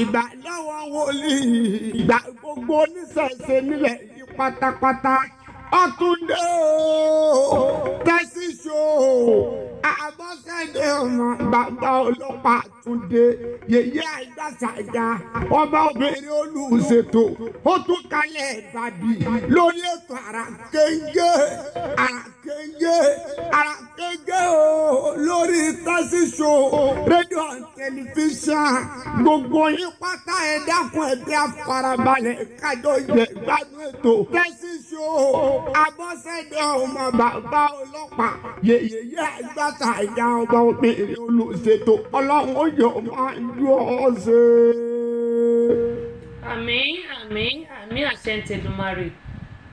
ìgbà lọ́wọ́ wòlíì ìgbà gbogbo oníṣẹ̀ṣe nílẹ̀ yìí pátápátá. Ọ̀túndé o tẹ́sí ṣo àbọ̀sẹ̀dẹ̀ ọmọ bàbá ọlọ́pàá Túndé yèyé àìdásàgà ọba obìnrin olùṣètò ó tún kalẹ̀ ìbàdí lórí ètò àràkéńgé àràkéńgé àràkéńgé o lórí tẹ́sí ṣo rédíò tẹlifíṣàn gbogbo yín pátá ẹ dákun ẹ bí afarabalẹ̀ kájọ jẹ gbádùn ètò tẹ́sí ṣo abọ́sẹ̀dẹ̀ ọmọ bàbá ọlọ́pàá yèyé àgbàtà ìyá ọba obìnrin olùṣètò ọlọ́run ó yọ máa yọ ọ́ ṣe. àmín àmín àmín àṣẹ ń tẹ̀dùmarè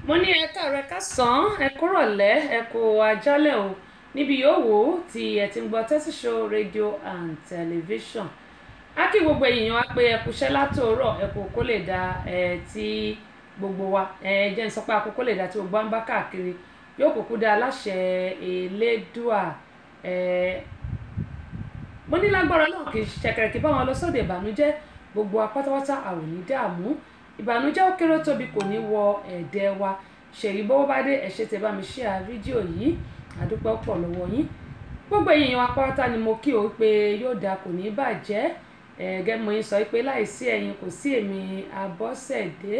mo ní ẹ̀ka rẹ̀ ká sàn án ẹ kúrò lẹ́ ẹ kó ajálẹ̀ o níbi yòówù tí ẹ ti ń gbọ́ tẹ́síṣó rédíò and tẹlifíṣàn á kí gbogbo èèyàn á pé ẹ kúṣẹ́ látòórọ̀ ẹ kò kó lè da ẹ ti gbogbo wa ẹ jẹ́ n sọ pé àkókò lè dá tí gbogbo wa ń bá káàkiri yóò kúkú dá aláṣẹ elédùà ẹ mo ní lágbára náà kì í ṣẹ̀kẹ̀rẹ̀ kí báwọn lọ sọ́dọ̀ ìbànújẹ́ gbogbo wa pátápátá a ò ní dààmú ìbànújẹ́ ó kéré tóbi kò ní wọ ẹ̀dẹ̀ wa ṣèyí bọ́wọ́ bá dé ẹ̀ṣẹ̀ tẹ bá mi ṣe à fídíò yìí àdúpẹ́ pọ̀ lọ́wọ́ yín gbogbo èèyàn wa pátá ni mo kí o pé yóò dáa kò ní bàjẹ́ ẹ̀ẹ́dẹ́gbẹ̀mọ yín sọ pé láìsí ẹ̀yin kò sí èmi Abọ́sẹ̀dé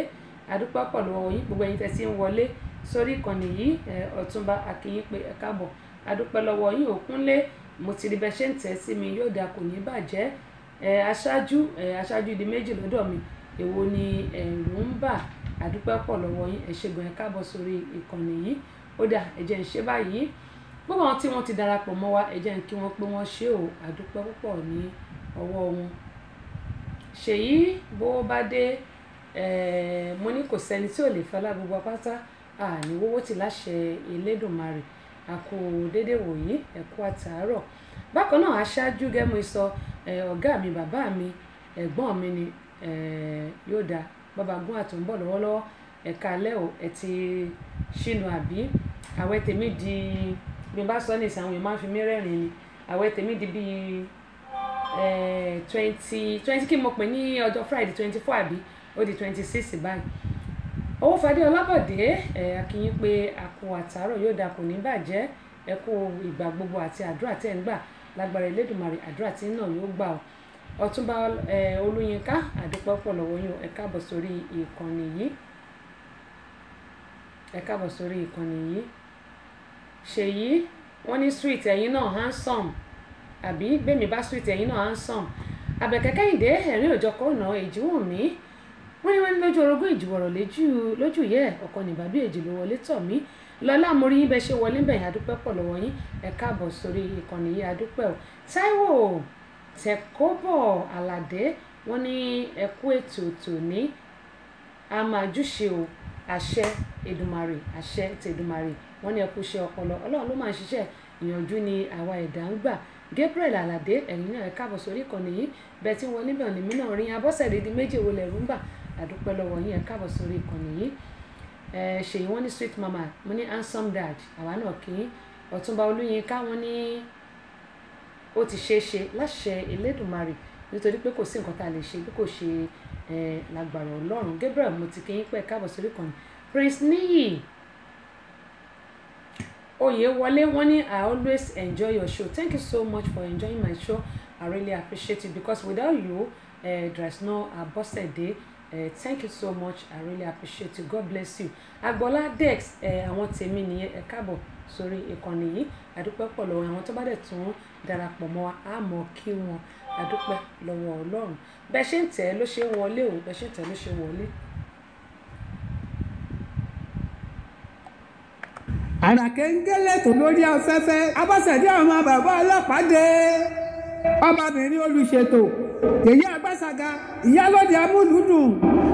àdúpẹ́ pọ̀ lọ́wọ́ yín gbogbo ẹ̀yin tẹ́ ti ń wọlé sórí ìkànnì yìí ọ̀túnba akínyìn pé ẹ káàbọ̀ àdúpẹ́ lọ́wọ́ yín òkúnlé mo ti rí bẹ́ẹ̀ ṣe ń tẹ̀ sí mi yóò dáa kò ní bàjẹ́ aṣáájú aṣáájú di méjì lọ́dọ̀ mi èwo ni ẹ̀rù ń bà àdúpẹ́ pọ̀ lọ́wọ́ yín ẹ ṣé gan ẹ káàbọ̀ sórí ìkànnì yìí ó dà ẹ ń ṣe báyìí gbogbo àwọn tí wọ́n ti darapọ̀ mọ́ wa ẹ ń kí wọ́n pé wọ́n ṣe ò àdúpẹ́ púpọ̀ ní ọwọ́ wọn ṣèyí bó bá dé mo ní kò sẹ́ni tí ò lè fẹ́ lágbogbo apáta àní wọ́wọ́ ti láṣẹ Elédùmarè àkó déédéé wòyí ẹ̀kú àtàárọ̀ bákan náà aṣáájú gẹ́mú sọ ọ̀gá mi bàbá mi ẹ̀gbọ́n mi ni yóò da babagun àtò ń bọ̀ lọ́wọ́lọ́wọ́ ẹ̀ka alẹ́ o ẹ̀ ti ṣìnà àbí àwẹ̀ tèmi di bí n bá sọ ní ìsàwọn èèyàn máa ń fi mí rẹ́rìn ni àwẹ̀ tèmi di bíi twenty twenty kí n mọ̀ ní ọjọ́ Friday twenty four àbí ó di twenty six báyìí Owófadé Ọlábọ̀dé ẹ̀ akínyín pé àkó àtàárọ̀ yóò dà kò ní bàjẹ́ ẹ kú ìgbà gbogbo àti àdúrà tẹ̀ ń gbà lágbára Elédùmarè àdúrà tí náà yóò gbà ọ́ Ọ̀túnba Olúyinká àdúpẹ́ pọ̀ lọ́wọ́ yín ẹ káàbọ̀ sórí ìkànnì yìí ẹ káàbọ̀ sórí ìkànnì yìí ṣèyí wọ́n ní sweet ẹ̀yin náà handsome àbí gbẹ̀mí bá sweet ẹ̀yin náà handsome àbẹ̀kẹ́kẹ́ ìdè ẹ̀rín òjọkọ́ ọ̀nà èjì wọ̀n mí wọ́n ní wọ́n ní lójú orogún ìjìwọ̀rọ̀ lójú yẹ́ ọ̀kan nìbàbí èjì ló wọlé tọ̀ mí lọ́lá amórí yín bẹ́ ṣe wọlé bẹ̀yìn adúpẹ́ pọ̀ lọ́wọ́ yín ẹ káàbọ̀ sórí ìkànnì yìí adúpẹ́ o Táíwò Tẹ̀kọ́bọ̀ Àlàdé wọ́n ní ẹkú ètò tòní a máa júṣe o àṣẹ Èdùmàrè àṣẹ tèdùmàrè wọ́n ní ẹkú ṣe ọpọlọ Ọlọ́run ló máa ń ṣiṣẹ́ ìyànjú ni àwa ẹ̀dá ń gbà Gabriel Àlàdé ẹ̀yin náà ẹ káàbọ̀ sórí ìkànnì yìí bẹ́ẹ̀ tí wọ́n níbẹ̀ ọ̀nìmí náà rí abọ́sẹ̀rẹ̀ àdúpẹ́ lọ́wọ́ yín ẹ káàbọ̀ sórí ìkànnì yìí ẹ ṣèyí wọ́n ní sweet mama mo ní handsome dad àwa náà kí ọ̀túnba olúyinká wọ́n ní ó ti ṣeé ṣe láṣẹ elédùnmarè nítorí pé kò sí nǹkan tá a lè ṣe bí kò ṣe ẹ lágbára ọlọ́run gabriel mo ti kí yín pẹ́ káàbọ̀ sórí ìkànnì prince niyi oyewole wọ́n ní i always enjoy your show thank you so much for enjoying my show i really appreciate you because without you uh, there's no abosede. Uh, Uh, thank you so much I really appreciate you God bless you Agbola Dex eh, àwọn tèmi nìyẹn ẹ káàbọ̀ sórí ìkànnì yìí àdúpẹ́ pọ̀ lọ́wọ́ àwọn tó bá dẹ̀ tún darapọ̀ mọ́ wa á mọ̀ kí wọn àdúpẹ́ lọ́wọ́ Ọlọ́run bẹ́ẹ̀ ṣe ń tẹ̀ ló ṣe ń wọlé o bẹ́ẹ̀ ṣe ń tẹ̀ ló ṣe ń wọlé. àràkéńgélé tó lórí afẹ́fẹ́ abọ́sẹ̀dé àwọn bàbá ọlọ́pàá dé ọmọbìnrin olùṣètò yèyí àgbàsàgà ìyálòdì amúlùúdùn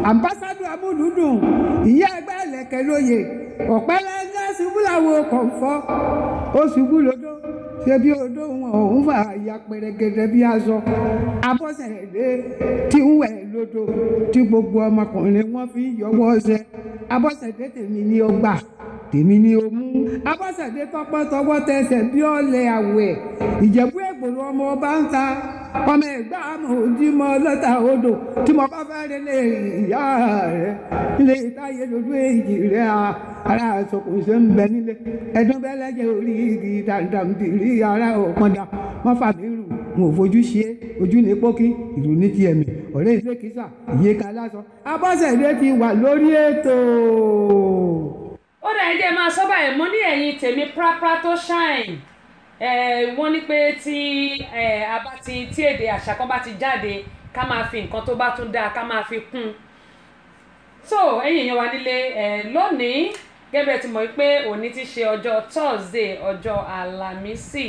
àmbásádù amúlùúdùn ìyá ẹgbẹ́ ẹlẹ́kẹ̀ lóye ọ̀pẹ́lẹ́ ẹgbẹ́ ṣubú làwọn kọ̀ǹfọ́ ó ṣubú lódó ṣebí odó wọn òun fà ya pẹrẹgẹdẹ bí aṣọ abọ́sẹ̀dé tí ń wẹ̀ lódò tí gbogbo ọmọkùnrin wọn fi yọwọ́ ṣe abọ́sẹ̀dé tèmi ni ó gbà tèmi ni ó mú abọ́sẹ̀dé tọpọ́tọwọ́ tẹsẹ̀ bí ọ̀lẹ àwẹ̀ ìjẹ̀bú ègbòrò ọmọ ọba ń ta ọmọ ẹgbẹ́ àmọ́ ojúmọ́ lọ́tà odò tí mo bá fẹ́ rẹ lé ìyá rẹ ilé ìtayé lójú èjì rẹ ara àsokùnṣe ń bẹ nílé ẹdún bẹ́lẹ́jẹ̀ orí igi dàndàmdìrí rí ara ọ̀pọ̀ndà wọ́n fà mí wọn ò fojú ṣe é ojú ní pókí ìlú ní tiẹ̀ mi ọ̀rẹ́ ìlú èkìsà ìyíká lásán Abọ́sẹ̀dé ti wà lórí ètò. ó dà jẹ́ máa sọ báyìí mo ní ẹ̀yin tèmi prapra tó ṣáìn wọ́n ní pé tí a bá ti tí èdè àṣà kan bá ti jáde ká máa fi nǹkan tó bá tún dáa ká máa fi kún un so ẹ̀yin èèyàn wa nílé lónìí gẹ́gẹ́ ti mọ̀ pé òní ti ṣe ọjọ́ Thursday ọjọ́ Àlàmísì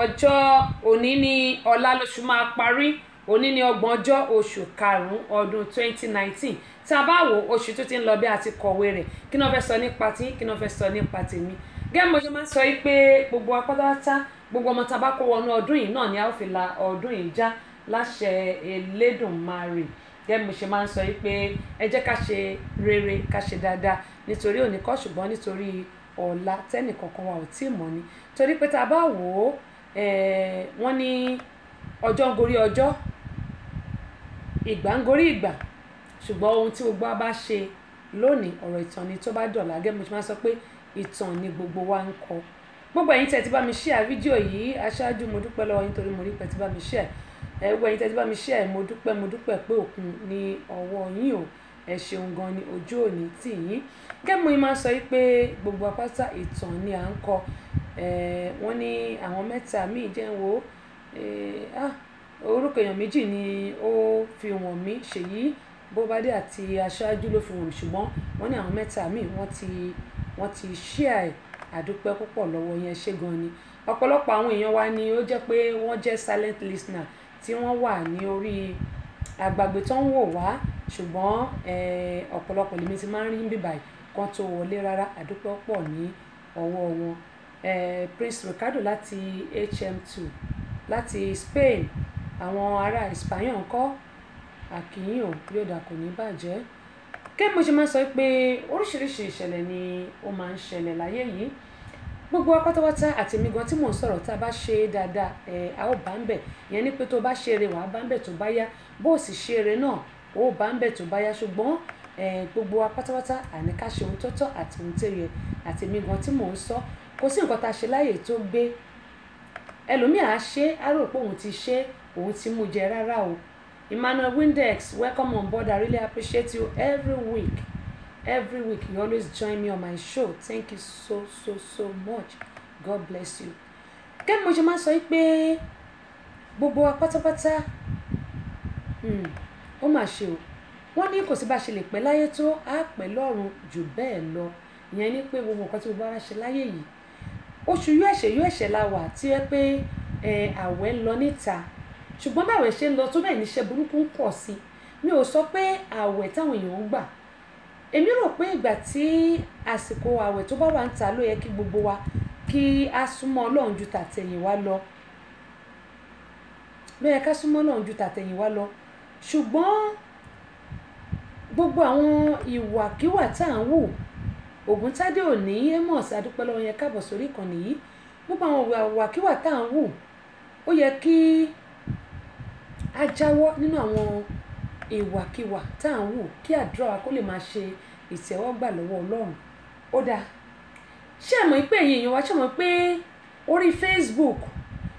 ọjọ́ òní ni ọ̀la lóṣù máa parí òní ni ọgbọ̀njọ́ oṣù karùn-ún ọdún 2019 tá a bá wo oṣù tó ti ń lọ bí a ti kọ̀wé rẹ̀ kí náà fẹ́ sọ nípa tí kí náà fẹ́ sọ nípa tèmi gẹ́gẹ́ mo ṣe máa sọ pé gbogbo apátápátá gbogbo ọmọ tá a bá kó ọdún yìí náà ni a ó fi la ọdún yìí já láṣẹ Elédùmarè gẹ́gẹ́ mo ṣe máa ń sọ yìí pé ẹ jẹ́ ká ṣe rere ká ṣe dáadáa nítorí òní kọ́ ṣùgbọ́n nítorí ọ̀la tẹ́nì kankan wa ò tí ì mọ̀ ni torí pé tá a bá wò ó wọ́n ní ọjọ́ ń gorí ọjọ́ ìgbà ń gorí ìgbà ṣùgbọ́n ohun tí gbogbo wa bá ṣe lónìí ọ̀rọ̀ ìtàn ni tó bá dọ̀la gẹ́gẹ́ mo ṣe máa ń sọ pé ìtàn ni gbogbo wa ń kọ gbogbo ẹ̀yin tẹ́ ti bá mi ṣíà fídíò yìí aṣáájú mo dúpẹ́ lọ́wọ́ yín mo rí pẹ́ ti bá mi ṣíà ẹ wọ ẹ̀yin tẹ́tí bá mi ṣe ẹ̀ mo dúpẹ́ mo dúpẹ́ pé òkun ní ọwọ́ yín o ẹ ṣeun gan ni ojú òní tì yín kẹ́mu yìí máa sọ yìí pé gbogbo apáta ìtàn ni à ń kọ wọ́n ní àwọn mẹ́ta míì jẹ́ ń wo orúkọ èèyàn méjì ni ó fi wọ̀n mí ṣèyí bóbádé àti aṣáájú ló fi wọ̀n mí ṣùgbọ́n wọ́n ní àwọn mẹ́ta míì wọ́n ti wọ́n ti ṣíà ẹ̀ àdúpẹ́ púpọ̀ lọ́wọ́ yẹn ṣé gan ni ọ̀pọ̀lọpọ̀ àwọn èèyàn wa ni ó jẹ́ pé wọ́n jẹ́ silent listener tí wọ́n wà ní orí agbègbè tó ń wò wá ṣùgbọ́n ọ̀pọ̀lọpọ̀ lèmi ti máa ń rí níbí báyìí kan tó wọlé rárá àdúpọ̀ pọ̀ ní ọwọ́ wọn Prince Ricardo láti HM2 láti Spain àwọn ará Espanyol ń kọ́ àkíyàn yóò dà kò ní bàjẹ́ kí mo ṣe máa sọ pé oríṣiríṣi ìṣẹ̀lẹ̀ ni ó máa ń ṣẹlẹ̀ láyé yìí gbogbo pátápátá àti mi gan tí mò ń sọ̀rọ̀ tá a bá ṣe é dáadáa ẹ̀ a ó bá ń bẹ̀ yẹn ni pé tó bá ṣe eré wàá bá ń bẹ̀ tó bá yá bó o sì ṣe eré náà ó bá ń bẹ̀ tó bá yá ṣùgbọ́n gbogbo pátápátá àní ká ṣe ohun tó tọ́ àti ohun tó yẹ àti èmi gan tí mò ń sọ kò sí nǹkan tá a ṣe láàyè tó gbé ẹlòmíà á ṣe á rò pé òun ti ṣe òun ti mú jẹ rárá o Emmanuel Windex welcome on board I really appreciate you every week every week you always join me on my show thank you so so so much god bless you kẹ́mi mo ṣe máa ń sọ pé gbogbo wa pátápátá hmm, ó mà ṣe o wọ́n ní kò sí bá ṣe lè pẹ́ láyé tó á pẹ́ lọ́run jù bẹ́ẹ̀ lọ ìyẹn ni pé gbogbo nǹkan tí gbogbo ara ṣe láyé yìí oṣù yóò ẹ̀ṣẹ̀ yóò ẹ̀ṣẹ̀ la wà tí ẹ pé àwẹ̀ ń lọ níta ṣùgbọ́n báwẹ̀ ṣe ń lọ tó bẹ́ẹ̀ níṣẹ́ burúkú ń pọ̀ sí mi ò sọ pé àwẹ̀ táwọn èèyàn ń gbà èmi rò pé ìgbà tí àsìkò àwẹ̀ tó bá wà ń ta ló yẹ kí gbogbo wa kí a súnmọ́ ọlọ́run ju tàtẹ̀yìn wá lọ ló yẹ ká súnmọ́ ọlọ́run ju tàtẹ̀yìn wá lọ ṣùgbọ́n gbogbo àwọn ìwàkiwà tá à ń wù Ògúntádé Òní Amos adúpẹ́lọ́wọ́ yẹn káàbọ̀ sórí ìkànnì yìí gbogbo àwọn ìwàkiwà tá à ń wù ó yẹ kí a jáwọ́ nínú àwọn. No ìwàkiwà tá à ń wù kí àdúrà wa kó lè máa ṣe ìtẹ́wọ́gbà lọ́wọ́ ọlọ́run ó dáa ṣé ẹ mọ̀ pé èyí èèyàn wa ṣé mọ̀ pé orí Facebook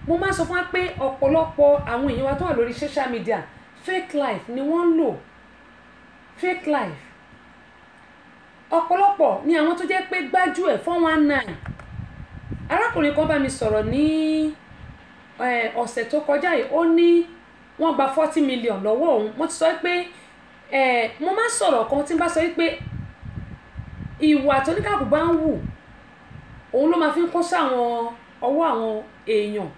mo máa sọ fún wa pé ọ̀pọ̀lọpọ̀ àwọn èèyàn wa tó wà lórí social media fake life ni wọ́n ń lò fake life ọ̀pọ̀lọpọ̀ ni àwọn tó jẹ́ pé gbájú ẹ̀ four one nine arákùnrin kan bá mi sọ̀rọ̀ ní ọ̀sẹ̀ tó kọjá yìí ó ní wọ́n gba forty million lọ́wọ́ òun mo ti sọ pé mo máa sọ̀rọ̀ kan tí n bá sọ pé ìwà tóníkàkù bá ń wù òun ló máa fi ń kó sáwọn ọwọ́ àwọn èèyàn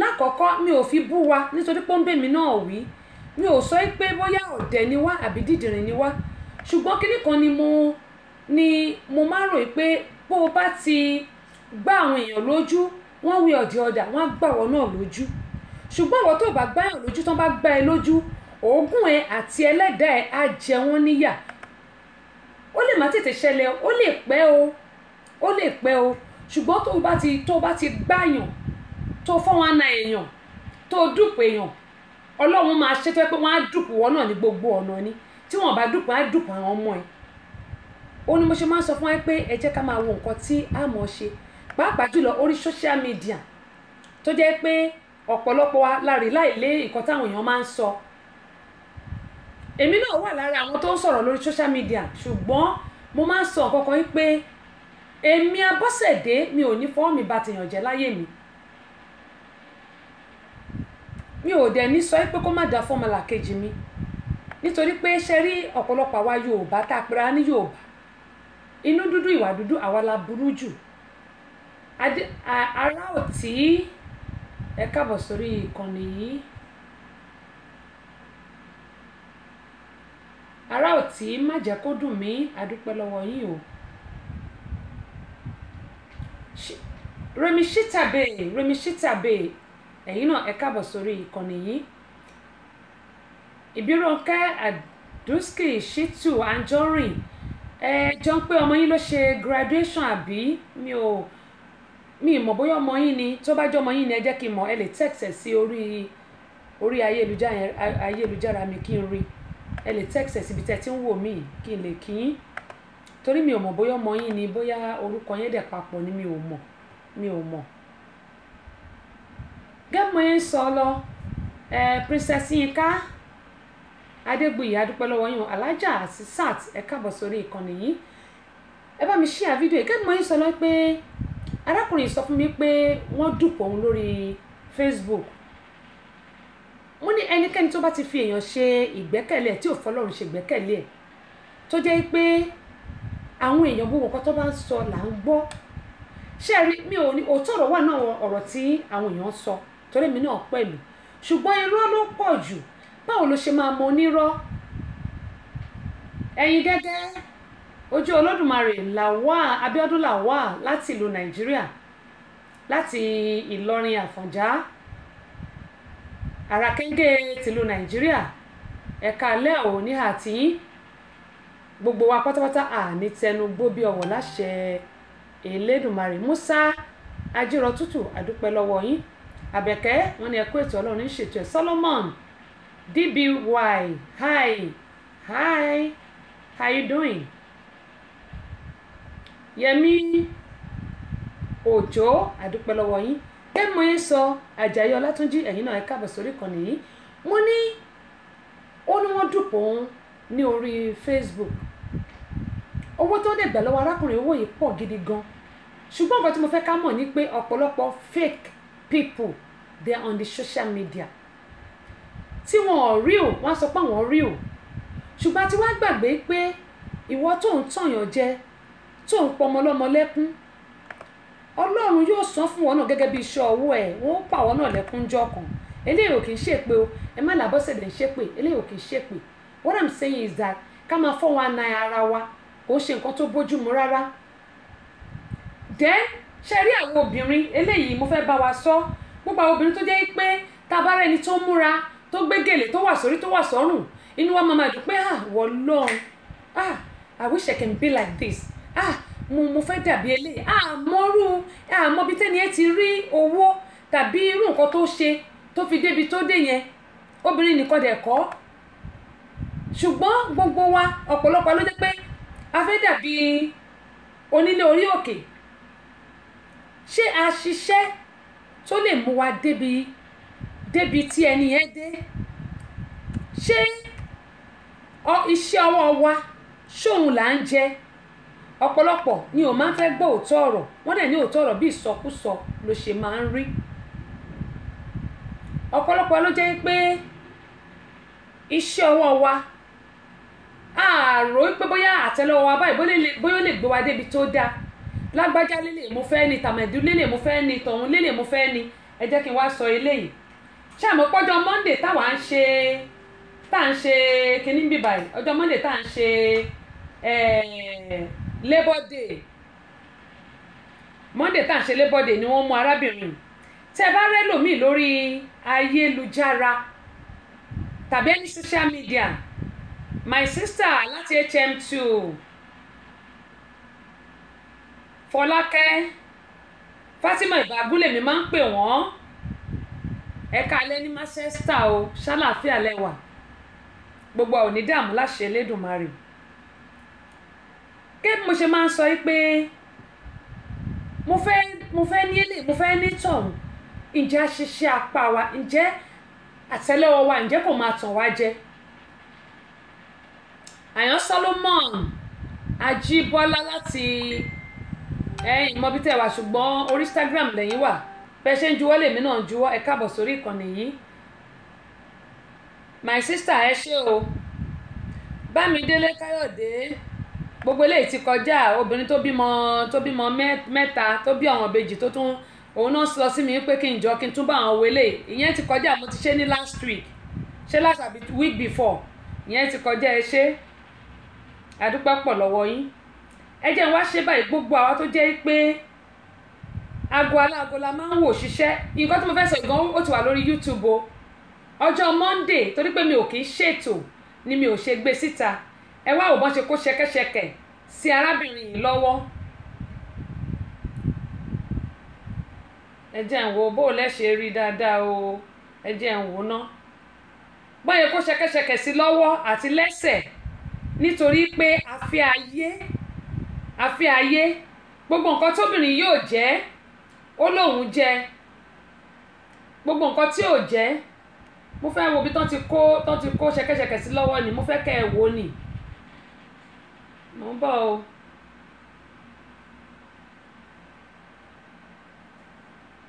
lákọ̀ọ́kọ́ mi ò fi bú wa nítorí pọ́ńbé mi náà wí mi ò sọ pé bóyá ọ̀dẹ̀ ni wá àbí dídìrín ni wá ṣùgbọ́n kinní kan ni mo ni mo máa rò pé bó o bá ti gbá àwọn èèyàn lójú wọ́n wí ọ̀dẹ̀ ọ̀dà wọ́n á gbà wọ́n náà lójú ṣùgbọ́n àwọn tó bá gbáyàn lójú tán bá gbá ẹ lójú òógùn ẹ àti ẹlẹ́dàá ẹ á jẹ wọ́n níyà ó lè má tètè ṣẹlẹ̀ ó lè pẹ́ o ó lè pẹ́ o ṣùgbọ́n tó bá ti tó bá ti gbáyàn tó fọ́wọ́n àna èèyàn tó dùpọ̀ èèyàn ọlọ́run máa ṣe fẹ́ pé wọ́n á dùpọ̀ wọn náà ní gbogbo ọ̀nà ni tí wọ́n bá dùpọ̀ á dùpọ̀ àwọn ọmọ ẹ̀ ó ní mo ṣe máa sọ fún wa pé ẹ jẹ́ ká máa wo nǹkan tí a mọ̀ ṣe pàápàá jùlọ orí social media tó jẹ́ pé ọ̀pọ̀lọpọ̀ wa lárí láìlé nǹkan táwọn èèyàn máa ń sọ èmi náà wà lára àwọn tó ń sọ̀rọ̀ lórí social media ṣùgbọ́n mo máa ń sọ nǹkan kan pé èmi Abọ́sẹ̀dé mi ò ní fọwọ́ mi bà tèèyàn jẹ́ láyé mi mi ò dẹ̀ ní sọ pé kó má da fọ́mọlà kejì mi nítorí pé ṣe rí ọ̀pọ̀lọpọ̀ àwa Yorùbá tá a pera ní Yorùbá inú dúdú ìwà dúdú àwa la burú jù ara ò tí ẹ káàbọ̀ sórí ìkànnì yìí ara ò tí má jẹ́ kó dùn mí àdúpẹ́ lọ́wọ́ yín o Rẹ̀mí Ṣítàbẹ̀ Rẹ̀mí Ṣítàbẹ̀ ẹ̀yin náà ẹ káàbọ̀ sórí ìkànnì yìí Ìbírónkẹ́ Àdúskì Ṣítù Anjọ́rìn ẹ jọ ń pé ọmọ yín ló ṣe graduation àbí mi ò mi mọ̀ bóyá ọmọ yín ni tó bá jẹ́ ọmọ yín ni ẹ jẹ́ kí n mọ̀ ẹ lè text ẹ̀ sí orí orí ayélujára mi kí n rí ẹ lè text ẹ̀ síbi tẹ́ ti ń wò mí kí n lè kí n torí mi ò mọ̀ bóyá ọmọ yín ni bóyá orúkọ yẹn dẹ̀ papọ̀ ni mi ò mọ̀ mi ò mọ̀ gẹ́gbọ́n yẹn sọ lọ ẹ princess Yinka Adégbùyí adúpẹ́ yín alájà àti sat ẹ káàbọ̀ sórí ìkànnì yìí ẹ bá mi share fídíò gẹ́gbọ́n yẹn sọ lọ pé arákùnrin sọ fún mi pé wọ́n dùpọ̀ òun lórí Facebook wọ́n ní ẹnikẹ́ni tó bá ti fi èèyàn ṣe ìgbẹ́kẹ̀lé ẹ̀ tí ò fọlọ́run ṣe ìgbẹ́kẹ̀lé ẹ̀ tó jẹ́ pé àwọn èèyàn gbogbo nǹkan tó bá ń sọ là ń gbọ́ ṣé rí mi ò ní òótọ́ ọ̀rọ̀ wà náà ọ̀rọ̀ tí àwọn èèyàn sọ torí mi náà pẹ̀lú ṣùgbọ́n irọ́ ló pọ̀ jù báwo ló ṣe máa mọ onírọ́ ẹ̀yin gẹ́gẹ́ ojú olódùmarè làwà Abíọ́dún làwà láti ìlú Nàìjíríà láti Ìlọrin Àfọ̀njá ara kéńgé tìlú Nàìjíríà ẹ̀ka alẹ́ ò ní àti gbogbo wa pátápátá àní tẹnu gbó bí ọwọ́ láṣẹ Elédùmarè Musa Ajírọ̀tútù àdúpẹ́ lọ́wọ́ yín Àbẹ̀kẹ́ wọn ni ẹ̀kú ètò Ọlọ́run ń ṣètò ẹ̀ Solomon DBY hi hi how you doing? yẹmi òjò àdúpẹ́ lọ́wọ́ yín ẹ mọ ẹ sọ àjàyí ọlátúnjí ẹ̀yin náà ẹ káàbọ̀ sórí ìkànnì yìí mo ní ó ní wọ́n dùpọ̀ òun ní orí Facebook owó tó dẹ̀ gbà lọ́wọ́ arákùnrin owó yìí pọ̀ gidi gan ṣùgbọ́n nǹkan tí mo fẹ́ ká mọ̀ ni pé ọ̀pọ̀lọpọ̀ fake people they are on the social media tí wọn ò rí o wọn á sọ pé àwọn rí o ṣùgbọ́n tí wọ́n á gbàgbé pé ìwọ tó ń tọ̀yàn jẹ tó ń pọ ọmọlọ́mọ lẹ́kún ọlọ́run yóò san fún wọn náà gẹ́gẹ́ bí iṣẹ́ ọwọ́ ẹ̀ wọ́n pa wọn náà lẹ́kún jọ kan eléyìí ò kì í o ẹ má ṣèpè eléyìí ò ṣèpè what i'm saying is that ká máa ara wa kò ṣe nǹkan tó rárá ṣe àwọn obìnrin eléyìí mo fẹ́ bá wa sọ gbogbo àwọn obìnrin tó jẹ́ pé tó múra tó gbé tó wà sórí tó wà sọ́rùn inú wa máa máa dùn pé ah, wọ́n lọ́run ah, ah mo mo fẹ́ dàbí eléyìí àmọ́rú ah, àmọ́bi ah, tẹ́ni ẹ ti rí owó tàbí irú nǹkan tó ṣe tó fi débi tó dé yẹn obìnrin nìkan dẹ̀ kọ́ ṣùgbọ́n gbogbo wa ọ̀pọ̀lọpọ̀ ló jẹ́ pé a fẹ́ dàbí onílé orí òkè ṣé a ṣiṣẹ́ tó lè mú wa débi débi tí ẹni yẹn dé ṣé iṣẹ́ ọwọ́ wa ṣóun là ń jẹ ọ̀pọ̀lọpọ̀ ni ò máa ń fẹ́ gbọ́ òótọ́ ọ̀rọ̀ wọ́n dẹ̀ ní òótọ́ ọ̀rọ̀ bí ìsọkúsọ ló ṣe máa ń rí ọ̀pọ̀lọpọ̀ ló jẹ́ pé iṣẹ́ ọwọ́ wa ààrò pé bóyá àtẹ́lẹwọ́ wa báyìí bóyá ó lè gbé wa débi tó dáa lágbájá lélẹ̀ mo fẹ́ ni tàmẹ̀dú lélẹ̀ mo fẹ́ ni tọ̀hún lélẹ̀ mo fẹ́ ni ẹ jẹ́ kí n wá sọ eléyìí ṣàmọ́ pọ́jọ́ Monday táwa ń ṣe tá à ń ṣe kínní bíbáyìí ọjọ́ Monday tá ń ṣe labour day monday tá à ń ṣe labour day ni wọ́n mú arábìnrin tẹ́ bá rẹ́lòmíì lórí ayélujára tàbí ẹni social media my sister láti hm2 fọlákẹ́ fatima ìbágúnlé mi máa ń pè wọ́n ẹ̀ka alẹ́ ní manchester o ṣàlàáfíà lẹ́wà gbogbo àwọn onídààmú láṣẹ Elédùmarè kí mo ṣe máa ń sọ pé mo fẹ́ mo fẹ́ ní mo fẹ́ ní tọ̀hún ǹjẹ́ àṣìṣe apá wa ǹjẹ́ àtẹ́lẹwọ́ wa ǹjẹ́ kò máa tàn wá jẹ àyàn Solomon Ajíbọ́lá láti ẹ̀yin mọbi tẹ wá ṣùgbọ́n orí Instagram lẹ́yìn wà bẹ́ẹ̀ ṣe ń juwọ́ lèmi náà ń juwọ́ ẹ káàbọ̀ sórí ìkànnì yìí my sister ẹ ṣé o Bámidélé Káyọ̀dé gbogbo eléyìí ti kọjá obìnrin tó bímọ tó bímọ mẹ́ta tó bí àwọn ìbejì tó tún òun náà sọ sí mi pé kí n jọ kí n tún bá àwọn wọlé ìyẹn ti kọjá mo ti ṣe ní last week ṣe last week before ìyẹn ti kọjá ẹ ṣe àdúpẹ́ pọ̀ lọ́wọ́ yín ẹ jẹ́ n wá ṣe báyìí gbogbo àwa tó jẹ́ pé aago aláago la máa ń wò ṣiṣẹ́ nǹkan tí mo fẹ́ sọ gan ó ti wà lórí YouTube o ọjọ́ Monday torí pé mi ò kì í ṣètò ni mi ò ṣe gbé síta. Si ẹ wá òbọn ṣe kó ṣẹkẹṣẹkẹ sí arábìnrin yìí lọ́wọ́ ẹ jẹ́ ń wo bó lẹ́ ṣe rí dáadáa o ẹ jẹ́ ń wo ná bọ́n yẹ kó ṣẹkẹṣẹkẹ sí lọ́wọ́ àti lẹ́sẹ̀ nítorí pé àfi ayé àfi ayé gbogbo nǹkan tóbìnrin yóò jẹ́ ó lóun jẹ gbogbo nǹkan tí ò jẹ́ mo fẹ́ wo bí tán ti kó tán ti kó ṣẹkẹṣẹkẹ sí lọ́wọ́ ni mo fẹ́ kẹ́ ẹ wò ni mo ń bọ̀ o.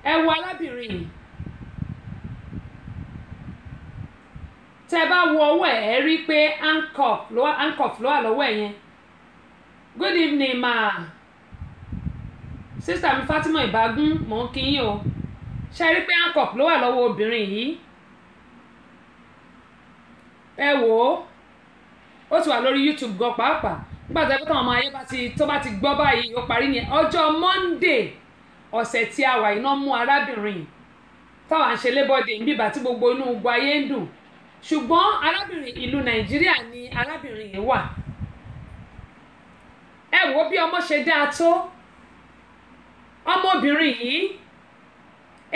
ẹ wo arábìnrin yìí tẹ bá wo ọwọ́ ẹ̀ ẹ rí i pé handcuff ló wà lọ́wọ́ ẹ̀ yẹn good evening ma sísá mi Fatima Ìbágún mò ń kí yín o ṣe rí i pé handcuff ló wà lọ́wọ́ obìnrin yìí ẹ wò ó ó ti wà lórí YouTube gan pàápàá nígbà tó yẹ kó tàwọn ọmọ ayé bá ti tó bá ti gbọ́ báyìí ó parí yẹn ọjọ́ Monday ọ̀sẹ̀ tí a wà iná mú arábìnrin táwa ń ṣe lébọ́dé ń bíbà tí gbogbo inú gbogbo ayé ń dùn ṣùgbọ́n arábìnrin ìlú Nàìjíríà ni arábìnrin yìí wà ẹ wo bí ọmọ ṣe dáa tó ọmọbìnrin yìí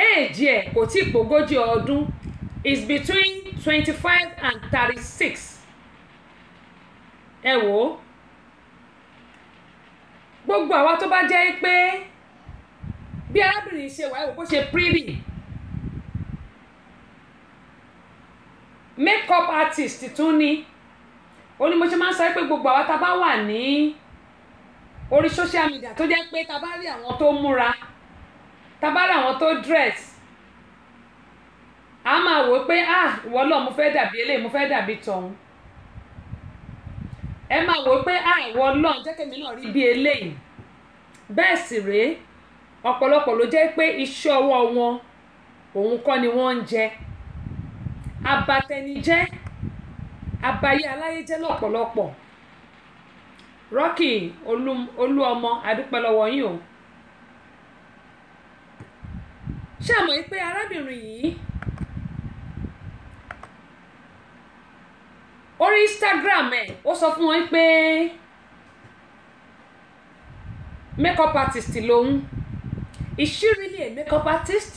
éèjì ẹ̀ kò tí ì pògójì ọdún is between twenty five and thirty six ẹ wò gbogbo àwa tó bá jẹ́ pé bí arábìnrin ṣe wà ìwòkó ṣe pírì makeup artist tún ni ó ní mo ṣe máa ń sọ pé gbogbo àwa tá a bá wà ní orí social media tó jẹ́ pé tá a bá rí àwọn tó múra tá a bá rí àwọn tó dress a máa wò ó pé ah ìwọ lọ mo fẹ́ dàbí eléyìí mo fẹ́ dàbí tọ̀hún ẹ máa wò pé àìwọ ah, ọlọ́run jẹ́ kẹ́mi náà rí bí eléyìí bẹ́ẹ̀ sì rèé ọ̀pọ̀lọpọ̀ ló jẹ́ pé iṣẹ́ ọwọ́ wọn òun kọ́ ni wọ́n ń jẹ abatẹnijẹ́ abayé aláyé jẹ́ lọ́pọ̀lọpọ̀ Rocky Olúọmọ adúpẹ́ lọ́wọ́ yín o ṣé àmọ́ pé arábìnrin yìí orí Instagram ẹ̀ ó sọ fún wọn pé makeup artist lòun is she really a makeup artist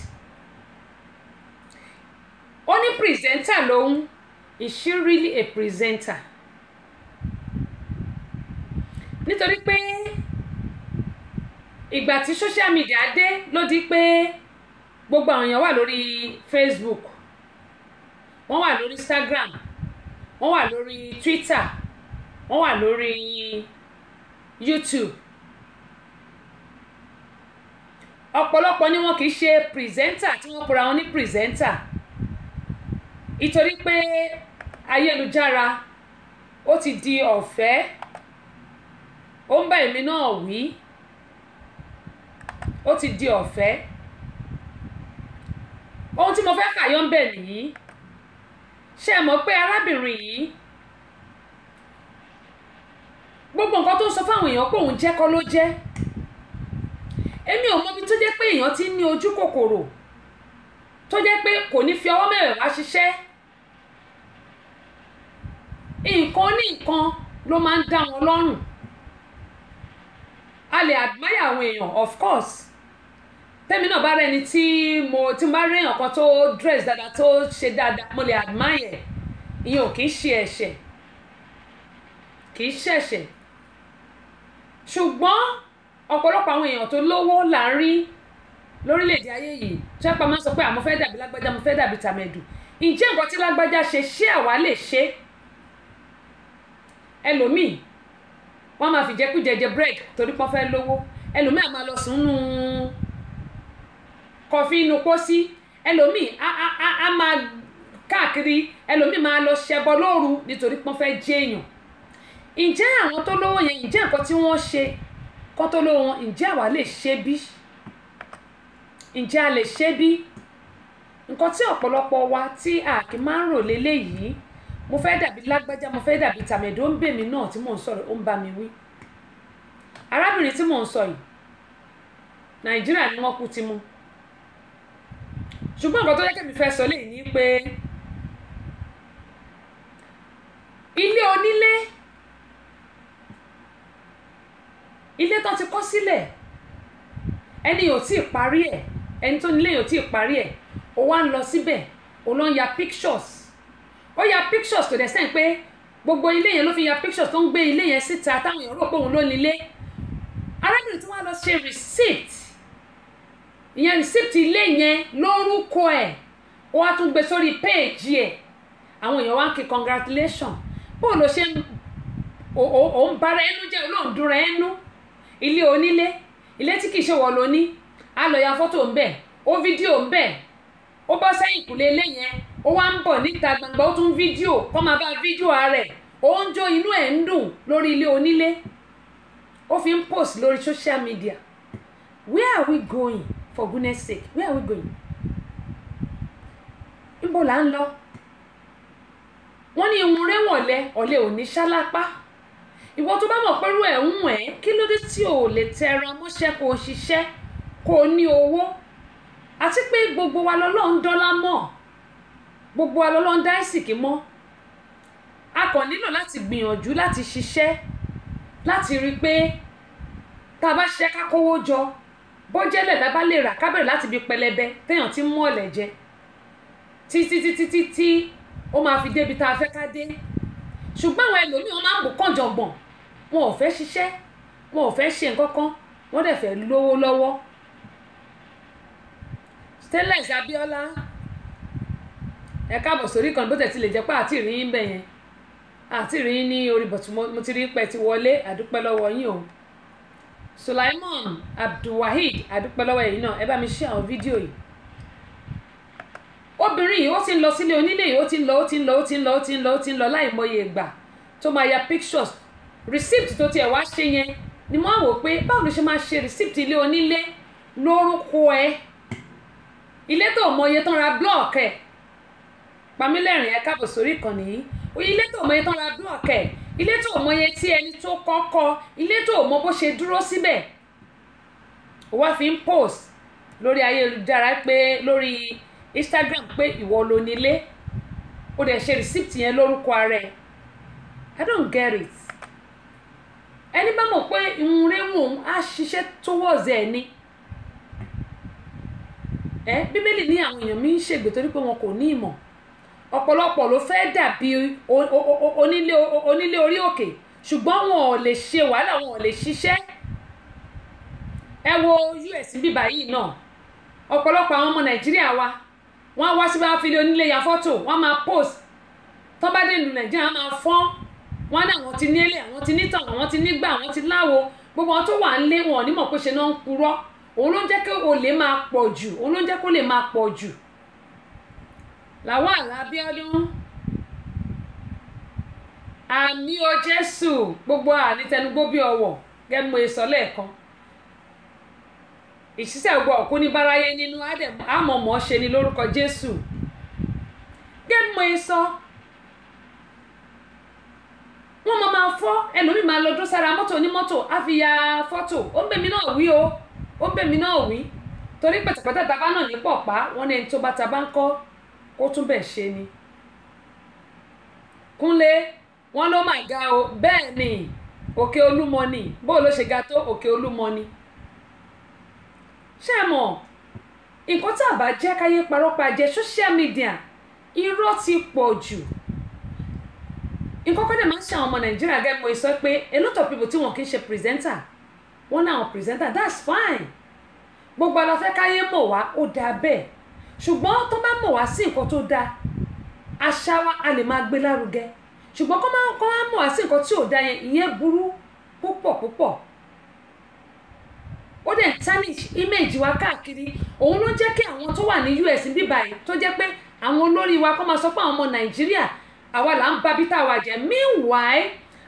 ó ní presenter lòun is she really a presenter nítorí pé ìgbà tí social media dé ló di pé gbogbo àwọn èèyàn wà lórí Facebook wọ́n wà lórí Instagram wọ́n wà lórí Twitter wọ́n wà lórí YouTube ọ̀pọ̀lọpọ̀ ni wọn kì í ṣe pìrìsẹ́ńtà tí wọ́n pera wọn ní pìrìsẹ́ńtà ìtorí pé ayélujára ó ti di ọ̀fẹ́ ó ń bá èmi náà wí ó ti di ọ̀fẹ́ ohun tí mo fẹ́ kàyọ́ ń bẹ̀ nìyí ṣe mọ̀ pé arábìnrin yìí gbogbo nǹkan tó ń sọ fáwọn èèyàn pé òun jẹ́ ló jẹ́ èmi ò mọbi tó jẹ́ pé èèyàn ti ní ojú kòkòrò tó jẹ́ pé kò ní fi ọwọ́ mẹ́rẹ̀ẹ̀wá ṣiṣẹ́ nǹkan ní nǹkan ló máa ń dá wọn lọ́rùn a lè admire àwọn èèyàn of course tẹ́mi náà bá rẹni tí mo tí mo bá réyàn kan tó dress dáadáa tó ṣe dáadáa mo lè admire ìyẹn ò kì í ṣe ẹ̀ṣẹ̀ kì í ṣẹ̀ṣẹ̀ ṣùgbọ́n ọ̀pọ̀lọpọ̀ àwọn èèyàn tó lówó là ń rí lórílẹ̀‐èdè ayé yìí ṣẹ́pà máa ń sọ pé àmọ́ fẹ́ dàbí lágbájá mo fẹ́ dàbí tàmẹ̀dù ǹjẹ́ nǹkan tí lágbájá ṣe ṣé àwa lè ṣe ẹlòmíì wọ́n máa fi jẹkújẹ jẹ torí pọ́n fẹ́ lówó ẹlòmíì á máa lọ sùn kọfí inú pósí ẹlòmíì á máa káàkiri ẹlòmíì máa lọ ṣẹbọ lóru nítorí pọ́n fẹ́ jẹ́ èèyàn ǹjẹ́ àwọn tó lówó yẹn ǹjẹ́ nǹkan tí wọ́n ṣe kọ́ tó lówó wọn ǹjẹ́ àwa lè ṣe bí ǹjẹ́ a lè ṣe bí nǹkan tí wa tí aki ma máa ń rò léléyìí mo fẹ́ dàbí lágbájá mo fẹ́ dàbí tàmẹ̀dó ń bèmí náà tí mi wí arábìnrin tí mò ń sọ yìí nàìjíríà ni ti mú ṣùgbọ́n nǹkan tó yẹ kẹ́mi fẹ́ sọ lẹ́yìn ni pé ilé onílé ilé tó ti kọ́ sílẹ̀ ẹni yóò tí ì parí ẹ̀ ẹni tó nílé yóò tí ì parí ẹ̀ ó wá ń lọ síbẹ̀ ó lọ ń ya pictures ó ya pictures tó dẹ̀ sẹ́yìn pé gbogbo ilé yẹn ló fi ya pictures tó ń gbé ilé yẹn síta táwọn èèyàn rò pé òun ló nílé arábìnrin tí wọ́n á lọ ṣe receipt ìyẹn receipt ilé yẹn lórúkọ ẹ̀ ó wá tún gbé sórí péèjì ẹ̀ àwọn èèyàn wá ń kí congratulation bó ló ṣe ò ń bára ẹnu jẹ́ olóhùn dúnra ẹnu ilé onílé ilé tí kìí ṣe wọ̀ lóní a lọ ya fọ́tò ń bẹ̀ ó fídíò ń bẹ̀ ó bọ́ sẹ́yìn kùlé ilé yẹn ó wá ń bọ̀ níta gbangba ó tún fídíò kọ́ máa bá fídíò rẹ̀ ó ń jó inú ẹ̀ ń dùn lórí ilé onílé ó fi ń post lórí social media where are we going? for goodness sake where are we going níbo là ń lọ wọ́n ní ìwọ̀n rẹ́wọ̀lẹ́ ọ̀lẹ́ òní ṣálápá ìwọ tó bá mọ̀ pẹ́rú ẹ̀ ń kí ló dé tí o lè tẹra mọ́ṣẹ́ kó o ṣiṣẹ́ kó o ní owó àti pé gbogbo wa lọ́lọ́ ń dọ́lá mọ́ gbogbo wa lọ́lọ́ ń dá ìsìnkì mọ́ a kàn nílò láti gbìyànjú láti ṣiṣẹ́ láti rí i pé tá a bá ṣiṣẹ́ ká kówó jọ bó jẹ́lẹ̀ tá a bá lè rà kábẹ̀rẹ̀ láti ibi pẹlẹbẹ téèyàn ti mú ọ̀lẹ̀ jẹ títí títí títí ó máa fi débi tá a fẹ́ ká dé ṣùgbọ́n àwọn ẹlòmíì wọn máa ń bò kànjọ̀gbọ̀n wọn ò fẹ́ ṣiṣẹ́ wọn ò fẹ́ ṣe nǹkan kan wọ́n dẹ̀ fẹ́ lówó lọ́wọ́ stainless Abíọ́lá ẹ káàbọ̀ sórí kan bó tẹ̀ ti lè jẹ́ pé àti ìrìn yín bẹ̀ yẹn àti ìrìn yín ní orí bọ̀tún mo ti rí pẹ́ ti wọlé àdúpẹ́ lọ́wọ́ yín o. Sulaiman Abdulwaheed adúpẹ́lọ́wọ́ ẹ̀yìn náà ẹ bá mi ṣe àwọn fídíò yìí obìnrin yìí ó ti ń lọ sílé onílé yìí ó ti ń lọ ó ti ń lọ ó ti ń lọ ó ti ń lọ ó ti ń lọ láìmọye ìgbà tó máa ya pictures receipt tó tiẹ̀ wá ṣe yẹn ni mo wò pé báwo ló ṣe máa ṣe receipt ilé onílé lórúkọ ẹ ilé tó mọye tán ra block ẹ pamílẹ̀rìn ẹ káàbọ̀ sórí ìkànnì yìí ilé tó mọye tán ra block ilé tó mọye tí ẹni tó kọ́kọ́ ilé tó mọ bó ṣe dúró síbẹ̀ ó wá fi ń post lórí ayélujára pé lórí Instagram pé ìwọ ló nílé ó dẹ̀ ṣe receipt yẹn lórúkọ ara ẹ̀ I don't get it ẹni bá mọ̀ pé ìhun réwùn á ṣiṣẹ́ towards ẹ̀ ni ẹ bíbélì ní àwọn èèyàn mi ń ṣègbè torí pé wọn kò ní ìmọ̀ ọ̀pọ̀lọpọ̀ ló fẹ́ dàbí onílé onílé orí òkè ṣùgbọ́n wọn ò lè ṣe wàhálà wọn ò lè ṣiṣẹ́ ẹ wo us bíbá yìí náà ọ̀pọ̀lọpọ̀ àwọn ọmọ nàìjíríà wa wọ́n á wá sí wàá file onílé ya fọ́tò wọ́n máa post tó bá dé ìlú nàìjíríà wọ́n máa fọ́n wọ́n ní àwọn ti ní ilé àwọn ti ní tàn àwọn ti ní gbà àwọn ti láwo gbogbo àwọn tó wà ń lé wọn ò ní mọ̀ pé ṣe náà ń purọ́ òun ló ń jẹ́ kó olè máa pọ̀ jù òun ló ń jẹ́ kó lè máa pọ̀ jù Lawal Abiodun àmì o Jésù gbogbo ànitẹnugbó bí ọwọ́ gẹ́gbó sọ lẹ́ẹ̀kan ìṣiṣẹ́ gbọ́ ọ̀kú ní báráyé nínú àmọ̀mọ́ ṣe ni lórúkọ Jésù gẹ́gbó sọ wọ́n máa máa fọ́ ẹlòmíì máa lọ dún sára mọ́tò onímọ́tò á fi ya fọ́tò ó ń bèmí náà wí o ó ń bèmí náà wí torí pẹ̀tẹ̀pẹ̀tẹ̀ tabá náà ní pọ̀ pa wọ́n ní ẹni tó bá tabá ń kọ́ ó tún bẹ̀ ṣe ni kúnlé wọn ló máa ga o bẹ́ẹ̀ ni òkè olúmọ ni bó ló ṣe ga tó òkè olúmọ ni ṣé ẹ mọ̀ nǹkan tá a bá jẹ́ káyé parọ́pá jẹ́ social media irọ́ ti pọ̀ jù nǹkan kọ́dẹ̀ máa ń ṣe àwọn ọmọ nàìjíríà gẹ́gẹ́ mo sọ pé a lot of people tí wọn kì í ṣe presenter wọn náà presenter that's fine gbogbo àlọ́fẹ́ káyé mọ̀ wá ó dáa bẹ́ẹ̀ ṣùgbọ́n tó bá mọ̀ wá sí nǹkan tó dáa àṣà wa a lè máa gbé lárugẹ ṣùgbọ́n kó máa kó máa mọ̀ wá sí nǹkan tí ò dáa yẹn ìyẹn burú púpọ̀ púpọ̀ ó dẹ̀ tarnish image wa káàkiri òun ló jẹ́ kí àwọn tó wà ní US bíbáyìí tó jẹ́ pé àwọn olórí wa kó máa sọ pé àwọn ọmọ Nàìjíríà àwa là ń ba bí táwa jẹ meanwhile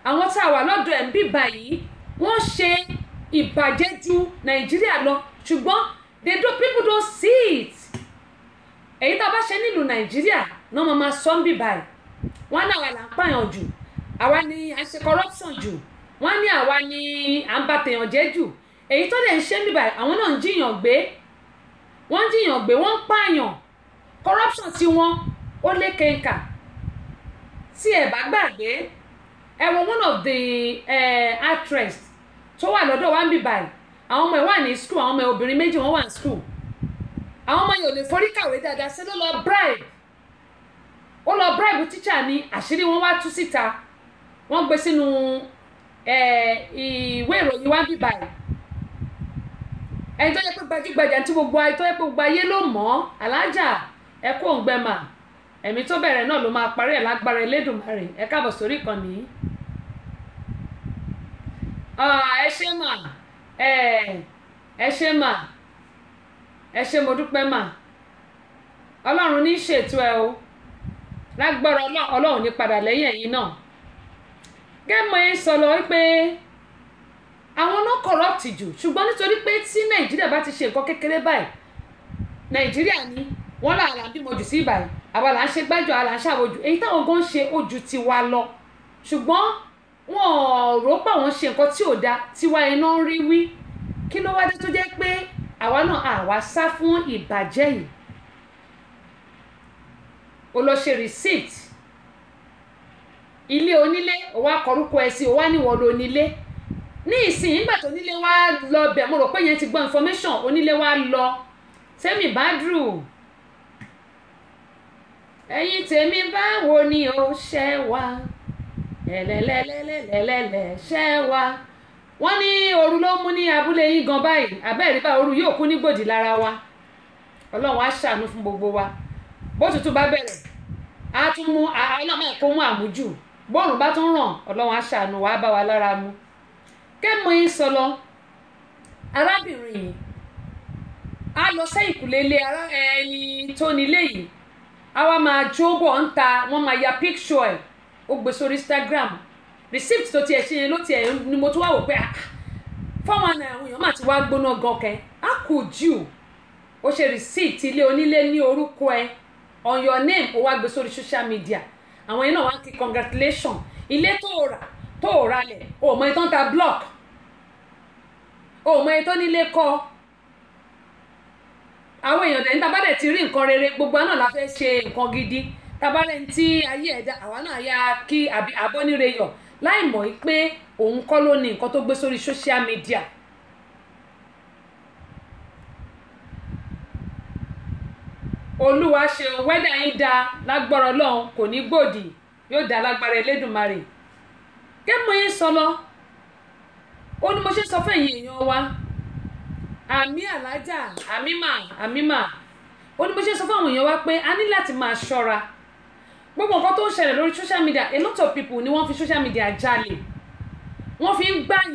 àwọn tá a wà lọ́dọ̀ ẹ̀ ń bíbà yìí wọ́n ṣe ìbàjẹ́ ju nàìjíríà lọ ṣùgbọ́n they do people don't see it èyí tá a bá ṣe nílùú nàìjíríà náà mo máa sọ ń bì báyìí wọ́n náà wà là ń pààyàn jù àwa ni à ń ṣe corruption jù wọ́n ní àwa ni à ń ba tèèyàn jẹ́ jù èyí tó dẹ̀ ń ṣe ń bì báyìí àwọn náà ń jiyàn gbé wọ́n jiyàn gbé wọ́n ń pààyàn corruption tí wọn ó lé kẹ́ńkà tí ẹ̀ bá gbàgbé ẹ wo one of the uh, actress tó wà lọ́dọ̀ wa ń bì báyìí àwọn ọmọ ẹ̀ wà ní school àwọn ọmọ ẹ̀ obìnrin méjì wọ́n wà ní school àwọn ọmọ yẹn ò lè forí kàwé dáadáa ṣé ló lọ bribe ó lọ bribe tíṣà ni àṣírí wọn wá tú síta wọ́n gbé sínú ìwé ìròyìn wá bíbá ẹ̀ ẹni tó yẹ pé gbajúgbajà tí gbogbo ayé tó yẹ pé gbogbo ayé ló mọ̀ ọ́ alájà ẹ kó òǹgbẹ́mà ẹ̀mí tó bẹ̀rẹ̀ náà ló máa parí ẹ̀ lágbára Elédùmarè ẹ káàbọ̀ sórí ìkànnì ah, ẹ ṣé mà ẹ ṣé mà ẹ ṣé mo dúpẹ́ mà ọlọ́run ní ṣètò ẹ o lágbára ọlọ́run ní padà lẹ́yìn ẹ̀yìn náà gẹ́mọ̀ ẹ sọ lọ pé àwọn náà corrupt jù ṣùgbọ́n nítorí pé tí nàìjíríà bá ti ṣe nǹkan kékeré báyìí nàìjíríà ni wọ́n là là ń bímọ jù sí ìbàyìí àwa là ń ṣe gbájọ àlà ń ṣàwòjù èyí táwọn gan ṣe ojú tiwa lọ ṣùgbọ́n wọn ò rò pé àwọn ṣe nǹkan tí ò dáa tiwa iná ń rí wí kí ló wá dé tó jẹ́ pé àwa náà àwa sá fún ìbàjẹ́ yìí o lọ ṣe receipt ilé onílé o wá kọrúkọ ẹ sí o wá níwọ̀n lo onílé ní ìsìn nígbà tó onílé wá lọ bẹ̀ mo rò pé yẹn ti gbọ́ information onílé wá lọ Tẹ́mi Badru ẹ̀yin tèmi báwo ni o ṣẹ́ wa ẹ̀lẹ́lẹ́lẹ́lẹ́lẹ́lẹ́ ṣẹ́ wa wọ́n ní ooru ló mú ní abúlé yín gan báyìí àbẹ́ẹ̀rípa ooru yóò kú nígbòdì lára wa ọlọ́run á ṣàánú fún gbogbo wa bó tutù bá bẹ̀rẹ̀ á tún mú ọlọ́run máa kó mú àmújù bóòrùn bá tún ràn ọlọ́run á ṣàánú wa bá wa lára mu kẹ́mọ yín sọ lọ arábìnrin yìí á lọ sẹ́yìn kùlé ilé ẹni tó nílé yìí á wá máa jó bọ̀ ń ta wọ́n máa ya píkṣọ ẹ̀ ó gbé sórí Instagram receipt tó tiẹ̀ ṣe yẹn ló tiẹ̀ ni mo tún wá wò pé ah, fọ́ọ̀mù àná àwọn èèyàn máa ti wá gbóná gọkẹ́ how could you ó ṣe receipt ilé onílé ní orúkọ ẹ on your name ó wá gbé sórí social media àwọn yẹn náà wá ń kí congratulation ilé tó rà tó rà lẹ̀ o mọ ìtàn ta block o mọ ìtàn nílé kọ́ àwọn èèyàn dẹ̀ ní tabadẹ̀ ti rí nǹkan rere gbogbo àná la fẹ́ ṣe nǹkan gidi tabalẹ̀ ń tí ayé ẹ̀dá àwa náà yá kí àbọ̀nire yọ̀ láì mọ̀ pé òun kọ́ ló ní nǹkan tó gbé sórí social media olúwa ṣe wẹ́dà yín da lágbára ọlọ́run kò ní gbòdì yóò da lágbára elédùnmarè kẹ́mọ̀ yín sọ lọ ó ní mo ṣe sọ fún ẹ̀yin èèyàn wa àmì àlájà àmì mà àmì mà ó ní mo ṣe sọ fún àwọn èèyàn wa pé a ní láti máa ṣọ́ra gbogbo nǹkan tó ń ṣẹlẹ̀ lórí social media a lot of people ni wọ́n fi social media jalè wọ́n fi ń gbàyàn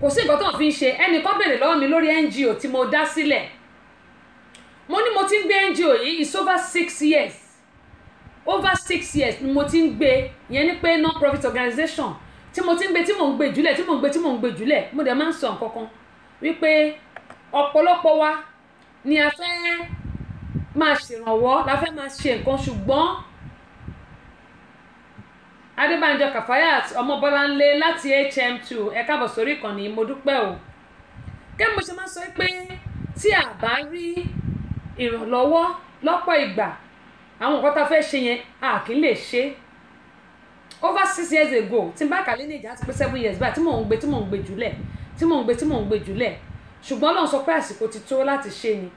kò sí nǹkan tó ń fi ń ṣe ẹnìkan béèrè lọ́wọ́ mi lórí NGO tí mo dá sílẹ̀ mo ní mo ti ń gbé NGO yìí is over six years over six years ni mo ti ń gbé ìyẹn ni pé non-profit organization tí mo ti ń gbé tí mò ń gbé jùlẹ̀ tí mò ń gbé tí mò ń gbé jùlẹ̀ mo dẹ̀ máa ń sọ nǹkan kan wípé ọ̀pọ̀lọpọ̀ wa ni a fẹ́ máa ṣèrànwọ́ la fẹ́ máa ṣe nǹkan ṣùgbọ́n adébànjọ kàfáyàt ọmọbọláńlé láti hm2 ẹ káàbọ̀ sórí ìkànnì mo dúpẹ́ o kí mo ṣe máa sọ pé tí a bá rí ìrànlọ́wọ́ lọ́pọ̀ ìgbà àwọn nǹkan tá a fẹ́ ṣe yẹn a kì í lè ṣe over six years ago tí n bá kàlẹ́ ní ìjà ti pé seven years báyìí tí mò ń gbé tí mò ń gbé jùlẹ̀ tí mò ń gbé tí mò ń gbé jùlẹ̀ ṣùgbọ́n Ọlọ́run sọ pé àsìkò ti tó láti ṣe ni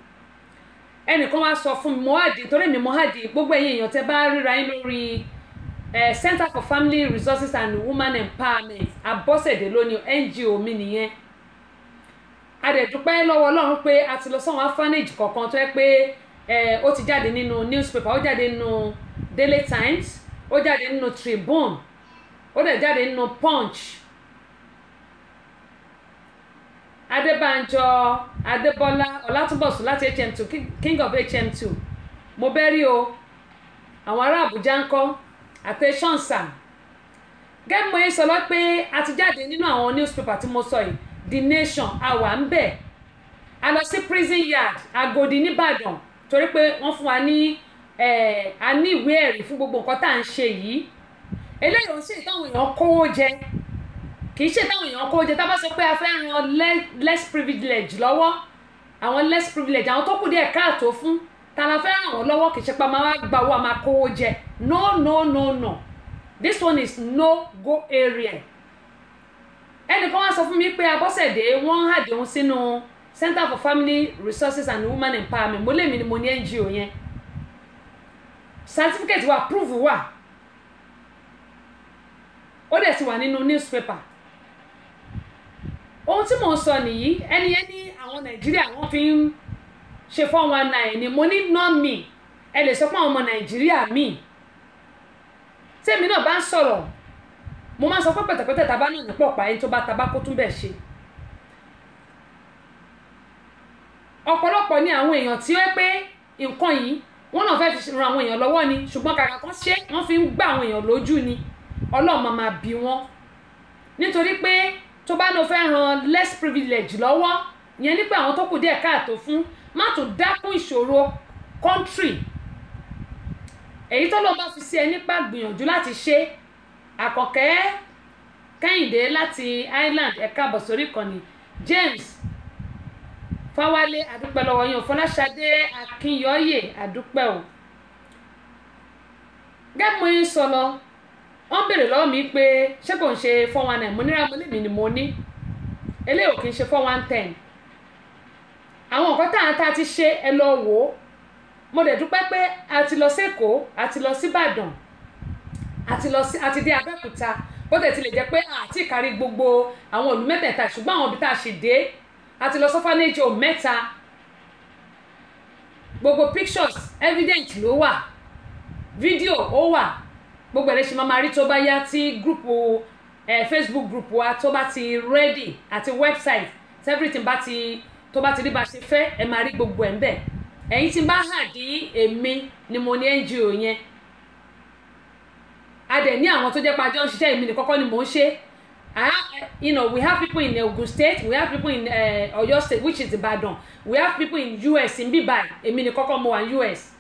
ẹnìkan wá sọ fún mi mohadi torí mi mohadi gbogbo ẹ̀yin èèyàn tẹ́ bá ríra yín lórí eh, center for family resources and woman empowerment abọ́sẹ̀dé lónìí ngo mi nìyẹn a dẹ̀ dúpẹ́ lọ́wọ́ ọlọ́run pé a ti lọ sọ́wọ́n orphanage kọ̀ọ̀kan tó yẹ pé eh, ó ti jáde nínú newspaper ó jáde nínú daily times ó jáde nínú tribune ó dẹ̀ jáde nínú punch adébánjọ adébọlá ọlátúbọ̀sùn láti hm2 king of hm2 mo bẹ́ rí o àwọn ará àbújá ń kọ́ àpẹṣán sam gẹ́gbọ́n yìí sọ lọ pé a ti jáde nínú àwọn newspaper tí mo sọ yìí the nation a wà ń bẹ̀ a lọ sí prison yard agodi nìbàdàn torí pé wọ́n fún wa ní a ní ìwé ẹ̀rí fún gbogbo nǹkan tá à ń ṣe yìí eléyìí ò ń ṣe ìtàwọn èèyàn kówó jẹ kì í ṣe ìtàwọn èèyàn kówó jẹ tá a bá sọ pé a fẹ́ ran less privilege lọ́wọ́ àwọn less privilege àwọn tó kù díẹ̀ káàtó fún ta la fẹ́ ràn wọ́n lọ́wọ́ kì í ṣe pa máa gba owó àmà kówó jẹ no no no no this one is no go area ẹnìkan wá sọ fún mi pé Abọ́sẹ̀dé wọ́n ń hàdé òun sínú Center for Family Resources and Women Empowerment mo lèmi ni mo ní NGO yẹn certificate wa proof wa ó dẹ̀ ti wà nínú newspaper ohun tí mò ń sọ nìyí ẹni ẹni àwọn Nàìjíríà wọ́n fi ń ṣe four one nine ni mo ní nọ́ mi ẹ lè sọ pé àwọn ọmọ nàìjíríà mi tèmi náà bá ń sọ̀rọ̀ mo máa ń sọ pé pẹ̀tẹ̀pẹ̀tẹ̀ tabá náà nípò pa ẹni tó bá tabá kó tún bẹ̀ ṣe ọ̀pọ̀lọpọ̀ ni àwọn èèyàn tí ó pé nǹkan yìí wọ́n náà fẹ́ fi ran àwọn èèyàn lọ́wọ́ ni ṣùgbọ́n kàkà kan ṣe wọ́n fi ń gbá àwọn èèyàn lójú ni ọlọ́run máa bí wọ́n nítorí pé tó bá náà fẹ́ ran less privilege lọ́wọ́ ìyẹn nípa àwọn tó kù díẹ̀ káàtó fún má tún dákún ìṣòro kọ́ńtírì èyí tó ló bá fi sí ẹ nípa gbìyànjú láti ṣe àkọ́kẹ́ kẹ́hìndé láti Ireland ẹ̀ka àbọ̀ ìkànnì James fáwálé àdúpẹ́ lọ́wọ́ yín fọláṣadé akínyọ́yè àdúpẹ́ o gẹ́gẹ́ mo ń sọ lọ wọ́n béèrè lọ́wọ́ mi pé ṣé kò ń ṣe four one nine mo ní ra mo lè mi ni mo ní eléyìí ò kì í ṣe four one ten àwọn nǹkan tá à ń ta ti ṣe ẹ lọ wò ó mo dẹ̀ dúpẹ́ pé a ti lọ sẹ́kọ̀ọ́ a ti lọ síbàdàn àti lọ sí àti dé abẹ́òkúta bó tẹ̀ tilẹ̀ jẹ́ pé àti ìkárí gbogbo àwọn ìlú mẹ́tẹ̀ẹ̀ta ṣùgbọ́n àwọn ibi tá a ṣì dé àti lọ sọ́fánẹ́jì mẹ́ta gbogbo pictures evident ló wà fídíò ó wà gbogbo ẹ̀rẹ́ ṣe máa máa rí tó bá yá tí gúrùpù eh, Facebook gúrùpù wa tó bá ti ready àti website everything bá ti tó bá ti rí bá ṣe fẹ́ ẹ máa rí gbogbo ẹ̀ ń bẹ̀ ẹ̀yin tí bá hàn dí èmi ni mo ní NGO yẹn a ní àwọn tó jẹ́ pàjọ́ ń ṣiṣẹ́ èmi ní kọ́kọ́ ni mò ń ṣe you know we have people in Ogun State we have people in eh, Ọ̀yọ́ uh, State which is Ibadan we have people in US in èmi ní kọ́kọ́ mo wà US